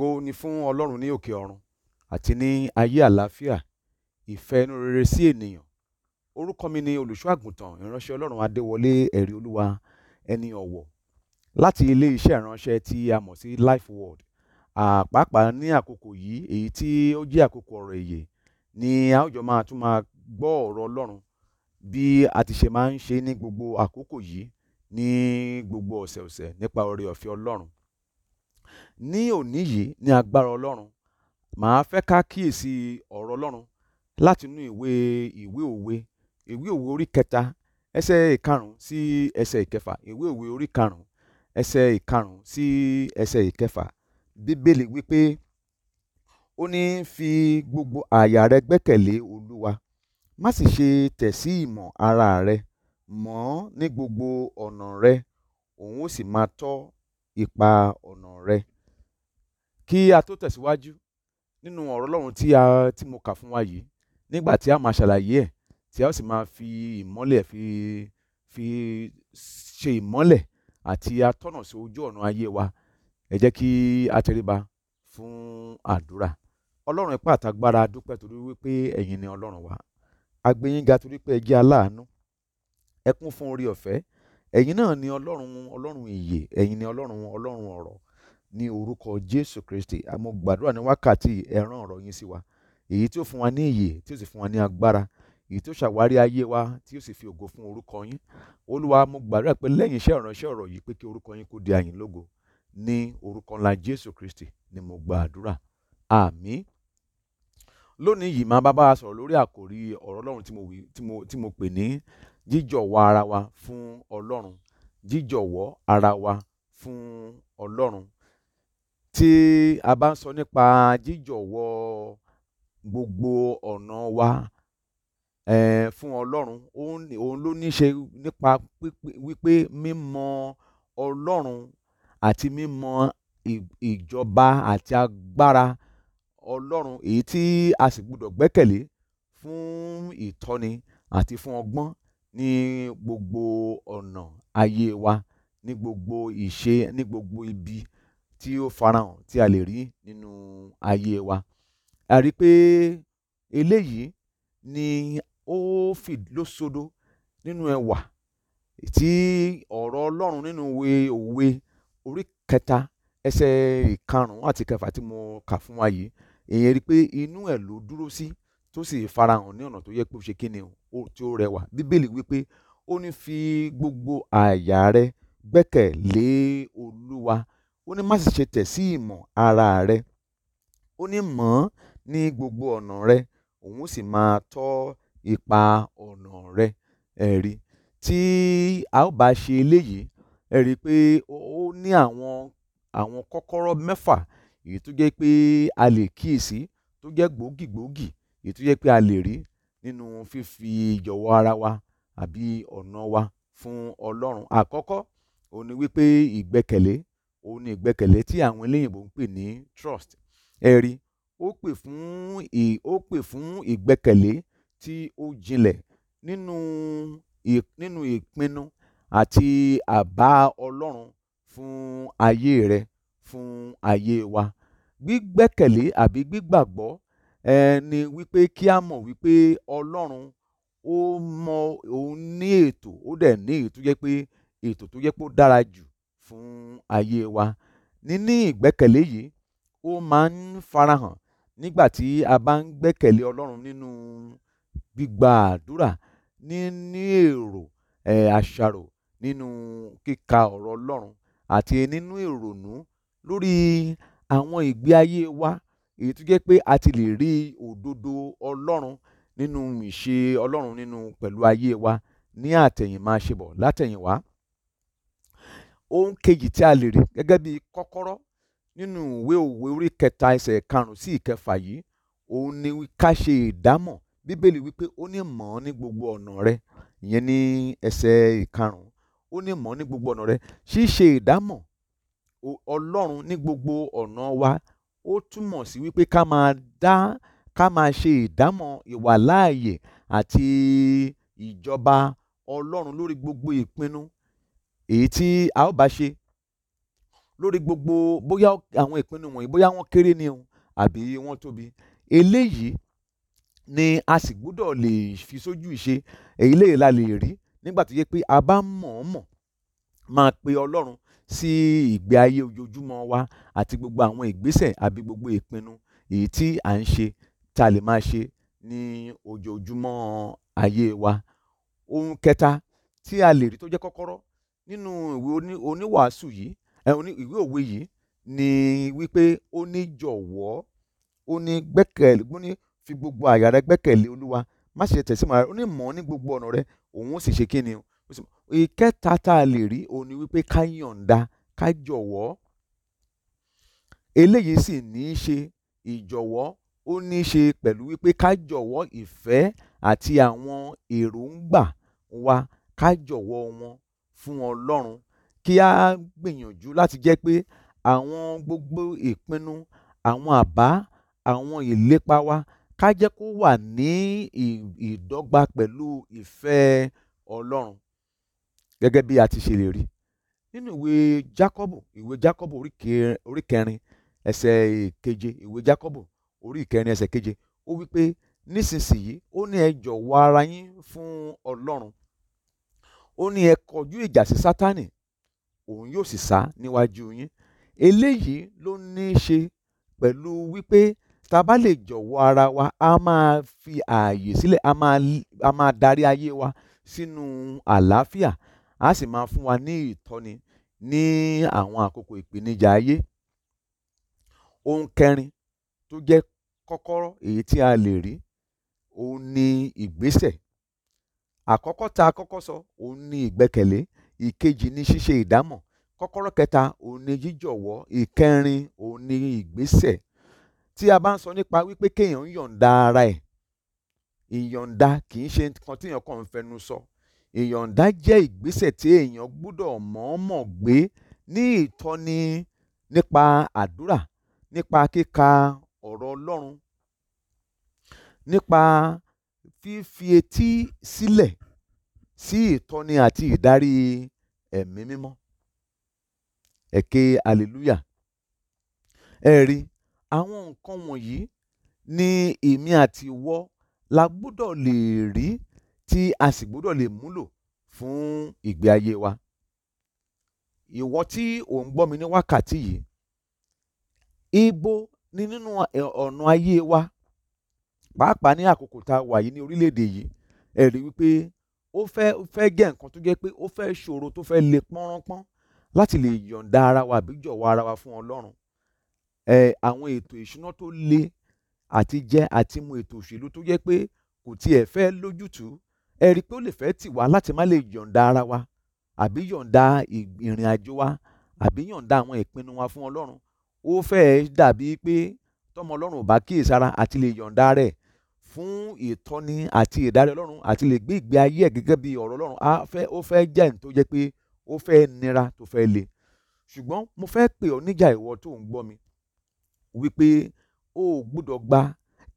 ògo ni fún ọlọ́run ní òkè ọ̀run àti ní ayé àlàáfíà ìfẹ́ inú rere sí ènìyàn orúkọ mi ni olùṣọ́ àgùntàn ìránṣẹ́ ọlọ́run adéwọlé ẹ̀rí olúwa ẹni ọ̀wọ̀ láti ilé iṣẹ́ ìránṣẹ́ tí a mọ̀ sí life world àpàápàá ní àkókò yìí èyí tí ó jẹ́ àkókò ọ̀rọ̀ èyè ni a ó jọ máa tún máa gbọ́ ọ̀rọ̀ ọlọ́run bí a ti ṣe máa ń ṣe ní gbogbo àkókò yìí ní gbogbo ọ̀sẹ̀ọ̀sẹ̀ nípa oore ọ̀fẹ́ ọlọ́run ní òní yìí ní agbára ọlọ́run màá fẹ́ ká kíyèsí ọ̀rọ̀ ọlọ́run láti inú ìwé ìwé òwe ìwé òwe orí kẹta ẹsẹ̀ ìkarùn-ún sí ẹsẹ̀ ìkẹfà ìwé òwe orí karùn-ún ẹsẹ̀ ìkarùn-ún sí ẹsẹ̀ ìkẹfà bíbélì wípé ó ní fi gbogbo àyà rẹ gbẹ́kẹ̀lé olúwa má sì ṣe tẹ̀ sí ìmọ̀ ara rẹ mọ́ ní gbogbo ọ̀nà rẹ òun ó sì máa tọ́ ipa ọ̀nà rẹ. Kí a tó tẹ̀síwájú nínú ọ̀rọ̀ Ọlọ́run tí a tí mo kà fún wa yìí nígbà tí a máa ṣàlàyé ẹ̀ tí a sì máa fi ìmọ́lẹ̀ fi fi ṣe ìmọ́lẹ̀ àti atọ́nà sí ojú ọ̀nà ayé wa ẹ jẹ́ kí a tẹríba fún àdúrà. Ọlọ́run ipá àtagbára dúpẹ́ torí wípé ẹ̀yin ni Ọlọ́run wa. A gbé yín ga torí pé ẹ jẹ́ aláàánú. Ẹ fún oore ọ̀fẹ́ ẹ̀yin náà ni ọlọ́run ọlọ́run ìyè ẹ̀yin ni ọlọ́run ọlọ́run ọ̀rọ̀ ní orúkọ jésù kristi àmọ́ gbàdúrà ní wákàtí ẹ̀ràn ọ̀rọ̀ yín sí wa èyí tí ó fún wa ní ìyè tí ó sì fún wa ní agbára èyí tó ṣàwárí ayé wa tí ó sì fi ògo fún orúkọ yín olúwa mo gbàdúrà pé lẹ́yìn iṣẹ́ ìránṣẹ́ ọ̀rọ̀ yìí pé kí orúkọ yín kó di àyìn lógo ní orúkọ ńlá jésù kristi ni mo gbàdúrà àmín lónìí yìí máa bá bá a sọ̀rọ̀ lórí àkòrí ọ̀rọ̀ ọlọ́run tí mo pè ní jíjọ̀wọ́ ara wa fún ọlọ́run jíjọ̀wọ́ ara wa fún ọlọ́run tí a bá ń sọ nípa jíjọ̀wọ́ gbogbo ọ̀nà wa um fún ọlọ́run òun ló ní í ṣe nípa wípé mímọ ọlọ́run àti mímọ ìjọba àti agbára ọlọ́run èyí tí a sì gbọdọ̀ gbẹ́kẹ̀lé fún ìtọ́ni àti fún ọgbọ́n ní gbogbo ọ̀nà ayé wa ní gbogbo ìṣe ní gbogbo ibi tí ó farahàn tí a lè rí nínú ayé wa a rí i pé eléyìí ni ó fìdílósodo nínú ẹwà tí ọ̀rọ̀ Ọlọ́run nínú ìwé òwe orí kẹta ẹsẹ̀ ìkarùn-ún àti kẹfà tí mo kà fún wa yìí èèyàn rí i pé inú ẹ̀ ló dúró sí tó sì farahàn ní ọ̀nà tó yẹ pé ó ṣe kíni o tí ó rẹwà bíbélì wípé ó ní fi gbogbo àyà rẹ gbẹ́kẹ̀ lé olúwa ó ní má sì ṣe tẹ̀ sí ìmọ̀ ara rẹ ó ní mọ̀ ọ́ ní gbogbo ọ̀nà rẹ òun sì máa tọ́ ipa ọ̀nà rẹ ẹ̀rí tí a ó bá ṣe eléyìí ẹ̀rí pé ó ní àwọn àwọn kọ́kọ́rọ́ mẹ́fà èyí tó jẹ́ pé a lè kíyèsí tó jẹ́ gbòógì gbòógì èyí tó jẹ́ pé a lè rí nínú fífi ìjọ̀wọ́ ara wa àbí ọ̀nà wa fún ọlọ́run àkọ́kọ́ òun ni wípé ìgbẹ́kẹ̀lé òun ni ìgbẹ́kẹ̀lé tí àwọn eléyìnbó ń pè ní trust ẹ̀rí ó pè fún ó pè fún ìgbẹ́kẹ̀lé tí ó jinlẹ̀ nínú nínú ìpinnu àti àbá ọlọ́run fún ayé rẹ fún ayé wa gbígbẹ́kẹ̀lé àbí gbígbàgbọ́ eh, ni wípé kí a mọ̀ wípé ọlọ́run ó mọ òun ní ètò ó dẹ̀ ní ètò yẹ pé ètò tó yẹ pé ó dára jù fún ayé wa níní ìgbẹ́kẹ̀lé yìí ó máa ń farahàn nígbà tí a bá ń gbẹ́kẹ̀lé ọlọ́run nínú gbígba àdúrà níní èrò eh, àṣàrò nínú kíka ọ̀rọ̀ ọlọ́run àti nínú ìrònú lórí àwọn ìgbé ayé wa èyí tó jẹ́ pé a ti lè rí òdodo ọlọ́run nínú ìṣe ọlọ́run nínú pẹ̀lú ayé wa ní àtẹ̀yìn máa ṣe bọ̀ látẹ̀yìnwá ohun kejì tí a lè rí gẹ́gẹ́ bí kọ́kọ́rọ́ nínú ìwé òwe orí kẹta ẹsẹ̀ karùn-ún sí ìkẹfà yìí òun ni ká ṣe ìdámọ̀ bíbélì wípé ó ní mọ̀ ní gbogbo ọ̀nà rẹ ìyẹn ní ẹsẹ̀ ìkarùn-ún ó ní mọ̀ ní gbogbo ọ̀nà rẹ ṣíṣe ìdámọ̀ ọlọ́run ní gbogbo ọ̀nà wa ó túmọ̀ sí wípé ká máa dá ká máa ṣe ìdámọ̀ ìwàláàyè àti ìjọba ọlọ́run lórí gbogbo ìpinnu èyí tí a ó bá ṣe lórí gbogbo bóyá àwọn ìpinnu wọ̀nyí bóyá wọ́n kéré ni o àbí wọ́n tóbi eléyìí ni a sì gbúdọ̀ lè fi sójú ìṣe èyí lè la lè rí nígbà tó yẹ pé a bá mọ̀ọ́mọ̀ máa pe ọlọ́run sí ìgbé ayé ojoojúmọ́ wa àti gbogbo àwọn ìgbésẹ̀ àbí gbogbo ìpinnu èyí tí à ń ṣe tá a lè máa ṣe ní ojoojúmọ́ ayé wa ohun kẹta tí a lè rí tó jẹ́ kọ́kọ́rọ́ nínú ìwé oníwàásù yìí ìwé òwe yìí ni wípé ó ní jọ̀wọ́ ó ní gbẹ́kẹ̀lé ó ní fi gbogbo àyà rẹ gbẹ́kẹ̀lé olúwa má ṣe tẹ̀sí ó ní mọ̀ ní gbogbo ọ̀nà rẹ òun ó sì ṣe kí ni o ìkẹta tá a lè rí òun ni wípé ká yọ̀ǹda ká jọ̀wọ́ eléyìí sì ní í ṣe ìjọ̀wọ́ ó ní í ṣe pẹ̀lú wípé ká jọ̀wọ́ ìfẹ́ àti àwọn èròǹgbà wa ká jọ̀wọ́ wọn fún Ọlọ́run kí a gbìyànjú láti jẹ́ pé àwọn gbogbo ìpinnu àwọn àbá àwọn ìlépa wa ká jẹ́ kó wà ní ìdọ́gba pẹ̀lú ìfẹ́ Ọlọ́run gẹ́gẹ́ bí a ti ṣe lè rí nínú ìwé jákọ́bù ìwé jákọ́bù orí kẹrin ẹsẹ̀ keje ìwé jákọ́bù orí ìkẹrin ẹsẹ̀ keje ó wí pé nísinsìnyí ó ní ẹ jọ̀wọ́ ara yín fún ọlọ́run ó ní ẹ kọjú ìjà sí sátánì òun yóò sì sá níwájú yín eléyìí ló ní í ṣe pẹ̀lú wípé tá bá lè jọ̀wọ́ ara wa a máa fi ààyè sílẹ̀ a máa darí ayé wa sínú àlàáfíà á sì máa fún wa ní ìtọ́ni ní àwọn àkókò ìpèníjà ayé ohun kẹrin tó jẹ́ kọ́kọ́rọ́ èyí tí a lè rí òun ni ìgbésẹ̀ àkọ́kọ́ tá a kọ́kọ́ sọ òun ni ìgbẹ́kẹ̀lé ìkejì ni ṣíṣe ìdámọ̀ kọ́kọ́rọ́ kẹta òun ni jíjọ̀wọ́ ìkẹrin òun ni ìgbésẹ̀ tí a bá ń sọ nípa wípé kéèyàn ń yọ̀ǹda ara ẹ̀ ìyọ̀ǹda kì í ṣe nǹkan téèyàn kàn ń fẹnu sọ ìyọ̀ǹda jẹ́ ìgbésẹ̀ tí èèyàn gbọ́dọ̀ mọ̀ọ́mọ̀ gbé ní ìtọ́ni nípa àdúrà nípa kíka ọ̀rọ̀ Ọlọ́run nípa fífi etí sílẹ̀ sí ìtọ́ni àti ìdarí ẹ̀mí mímọ́ ẹ̀kẹ́ hallelujah ẹ rí àwọn nǹkan wọ̀nyí ni èmi àti ìwọ la gbọ́dọ̀ lè rí tí a sì gbọ́dọ̀ lè múlò fún ìgbé ayé wa ìwọ tí ò ń gbọ́ mi ní wákàtí yìí ibo ni nínú ọ̀nà ayé wa pàápàá ní àkókò tá a wà yìí ní orílẹ̀-èdè yìí ẹ rí wípé ó fẹ́ ó fẹ́ jẹ́ nǹkan tó jẹ́ pé ó fẹ́ ṣòro tó fẹ́ le pọ́nrọ́pọ́n láti lè yọ̀ǹda ara wa àbí jọ̀wọ́ ara wa fún Ọlọ́run ẹ àwọn ètò ìṣúná tó le àti jẹ àti mu ètò òṣèlú tó jẹ́ pé kò tiẹ̀ fẹ́ lójútùú ẹ rí i pé ó lè fẹ́ tì wá láti má lè yọ̀ǹda ara wa àbí yọ̀ǹda ìrìn àjò wa àbí yọ̀ǹda àwọn ìpinnu wa fún ọlọ́run ó fẹ́ẹ́ dàbí pé tọ́mọ ọlọ́run ò bá kíyèsára àti lè yọ̀ǹda rẹ̀ fún ìtọ́ni àti ìdarí ọlọ́run àti lè gbé ìgbé ayé ẹ̀ gẹ́gẹ́ bí ọ̀rọ̀ ọlọ́run ó fẹ́ jẹ́ ní tó jẹ́ pé ó fẹ́ nira tó fẹ́ le ṣùgbọ́n mo fẹ́ pè ọ́ níjà ìwọ tó ń gbọ́ mi wípé o ò gbúdọ̀ gba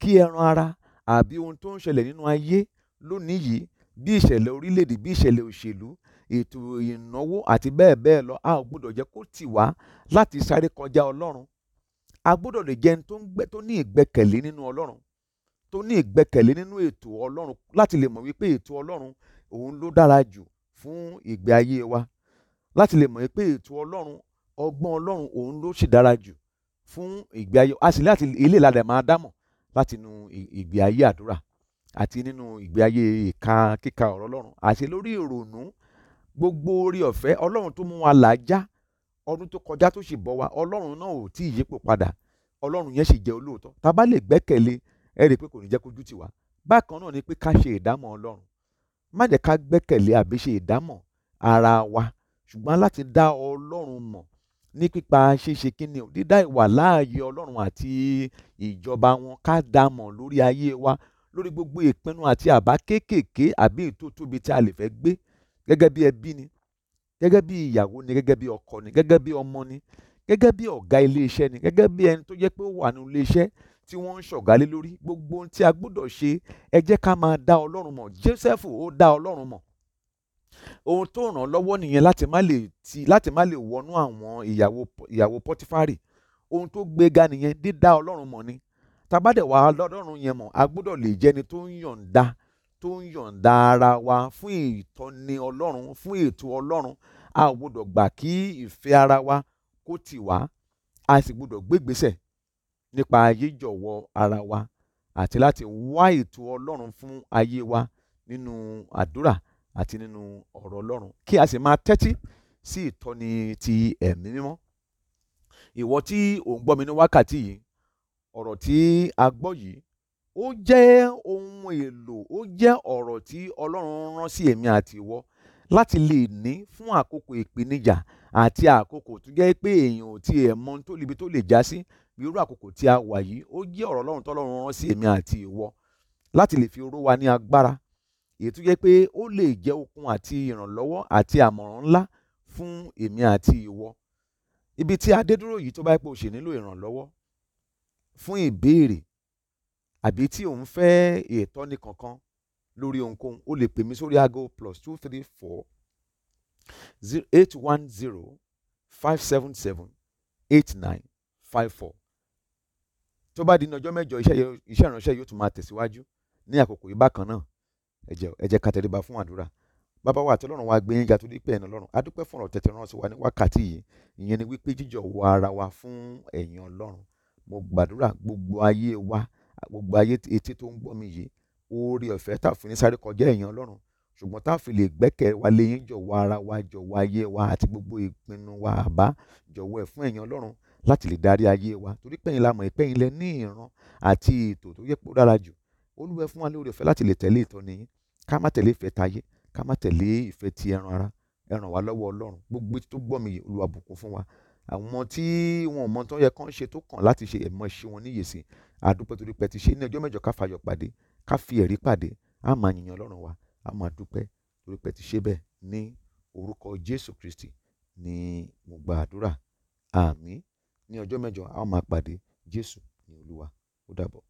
kí ẹran ara àbí ohun tó ń ṣẹlẹ̀ nínú ayé lónìí yìí bí ìṣẹ̀lẹ̀ orílẹ̀-èdè bí ìṣẹ̀lẹ̀ òṣèlú ètò ìnáwó àti bẹ́ẹ̀ bẹ́ẹ̀ lọ a ò gbọ́dọ̀ jẹ́ kó tì wá láti sáré kọjá ọlọ́run a gbọ́dọ̀ lè jẹ́ tó ní ìgbẹ́kẹ̀lé nínú ọlọ́run tó ní ìgbẹ́kẹ̀lé nínú ètò ọlọ́run láti lè mọ̀ wípé ètò ọlọ́run òun ló dára jù fún ìgbé ayé wa láti lè mọ̀ wípé ètò ọlọ́run ọgbọ́n ọlọ́run òun ló sì dára jù fún ìgbé ayé a sì láti ilé ìlànà máa dámọ̀ látinú ìgbé ayé àdúrà àti nínú ìgbé ayé ìka kíka ọ̀rọ̀ ọlọ́run àti lórí ìrònú gbogbo orí ọ̀fẹ́ ọlọ́run tó mú wa là á já ọdún tó kọjá tó sì bọ́ wa ọlọ́run náà ò tí ì yípo padà ọlọ́run yẹn sì jẹ́ olóòótọ́ tá a bá lè gbẹ́kẹ̀lé ẹ rí i pé kò ní jẹ́ kójú tì wá bákan náà ni pé ká ṣe ìdámọ̀ ọlọ́run má jẹ́ ká gbẹ́kẹ̀lé àbí ṣe ìdámọ̀ ara wa ṣùgbọ́n láti dá ọlọ́run mọ̀ ní pípa ṣíṣe kíni dídá ìwà láàyè ọlọ́run àti ìjọba wọn ká dá lórí ayé wa lórí gbogbo ìpinnu àti àbá kéékèèké àbí ètò tóbi tí a lè fẹ́ gbé gẹ́gẹ́ bí ẹbí ni gẹ́gẹ́ bí ìyàwó ni gẹ́gẹ́ bí ọkọ ni gẹ́gẹ́ bí ọmọ ni gẹ́gẹ́ bí ọ̀gá iléeṣẹ́ ni gẹ́gẹ́ bí ẹni tó jẹ́ pé ó wà ní iléeṣẹ́ tí wọ́n ń ṣọ̀gá lé lórí gbogbo ohun tí a gbọ́dọ̀ ṣe ẹ jẹ́ ká máa dá ọlọ́run mọ̀ Joseph ó dá ọlọ́run mọ̀ ohun tó ràn lọ́wọ́ nìyẹn láti má lè ti láti má lè wọnú àwọn ìyàwó ìyàwó Pọ́tífárì ohun tó gbéga nìyẹn dídá ọlọ́run mọ̀ ni tabadẹ̀ wà lọ́dọ̀run yẹn mọ̀ a gbọ́dọ̀ lè jẹ́ni tó ń yọ̀ǹda tó ń yọ̀ǹda ara wa fún ìtọ́ni ọlọ́run fún ètò ọlọ́run a ò gbọ́dọ̀ gbà kí ìfẹ́ ara wa kó tì wá a sì gbọ́dọ̀ gbégbésẹ̀ nípa yíjọ̀wọ́ ara wa àti láti wá ètò ọlọ́run fún ayé wa nínú àdúrà àti nínú ọ̀rọ̀ ọlọ́run kí a sì máa tẹ́tí sí ìtọ́ni ti ẹ̀mí mímọ́ ìwọ tí ò ń gbọ́ mi ní wákàtí yìí ọ̀rọ̀ tí a gbọ́ yìí ó jẹ́ ohun èlò ó jẹ́ ọ̀rọ̀ tí Ọlọ́run rán sí èmi àti ìwọ láti lè ní fún àkókò ìpèníjà àti àkókò tó jẹ́ pé èèyàn ò tiẹ̀ mọ tó libi tó lè já sí irú àkókò tí a wà yìí ó jẹ́ ọ̀rọ̀ Ọlọ́run tọ́lọ́run rán sí èmi àti ìwọ láti lè fi ró wa ní agbára èyí tó jẹ́ pé ó lè jẹ́ okun àti ìrànlọ́wọ́ àti àmọ̀ràn ńlá fún èmi àti ìwọ ibi tí a dé dúró yìí tó bá yẹ pé o ṣì nílò ìrànlọ́wọ́ fún ìbéèrè àbí tí òun fẹ́ ìtọ́ni kankan lórí ohunkóhun o lè pè mí sórí aago plus two three four eight one zero five seven seven eight nine five four tó bá di ní ọjọ́ mẹ́jọ iṣẹ́ ìránṣẹ́ yóò tún máa tẹ̀síwájú ní àkókò yìí bákan náà ẹ jẹ́ ká tẹríba fún àdúrà bàbá wa àtọ́lọ́run wa gbé yín ga torí pé ẹ̀nà ọlọ́run a dúpẹ́ fún ọ̀rọ̀ tẹ̀tẹ̀ ránṣẹ́ wa ní wákàtí yìí ìyẹn ni wípé jíjọ wọ ara wa fún ẹ̀yìn ọlọ́run mo gbàdúrà gbogbo ayé wa gbogbo ayé etí tó ń gbọ́ mi yìí oore ọ̀fẹ́ tá a fi ní sáré kọjá èèyàn ọlọ́run ṣùgbọ́n tá a fi lè gbẹ́kẹ̀ wa léyìn jọ̀wọ́ ara wa jọ̀wọ́ ayé wa àti gbogbo ìpinnu wa àbá jọ̀wọ́ ẹ̀ fún èèyàn ọlọ́run láti lè darí ayé wa torí pẹ́yìn la mọ̀ ẹ́ pẹ́yìn lẹ ní ìran àti ètò tó yẹ kó dára jù olúwa fún wa lóore ọ̀fẹ́ láti lè tẹ̀lé ìtọ́ni yín ká má tẹ̀lé ìfẹ́ tayé ká má tẹ̀lé ìfẹ́ ti ẹran ara ẹ ràn lọ́wọ́ ọlọ́run gbogbo tó gbọ́ mi olúwa bùkún fún wa àwọn tí wọn mọ tó yẹ kán ṣe tó kàn láti ṣe ẹ̀mọ́ ṣe wọn níyè sí àdúpẹ́ torí pẹ́ ti ṣe ní ọjọ́ mẹ́jọ ká fayọ̀ pàdé ká fi ẹ̀rí pàdé á máa yìnyín ọlọ́run wa á máa dúpẹ́ torí pẹ́ ti ṣe bẹ́ẹ̀ ní orúkọ Jésù Kristi ni mo gba àdúrà àmín ní ọjọ́ mẹ́jọ a máa pàdé Jésù ní Olúwa ó dàbọ̀.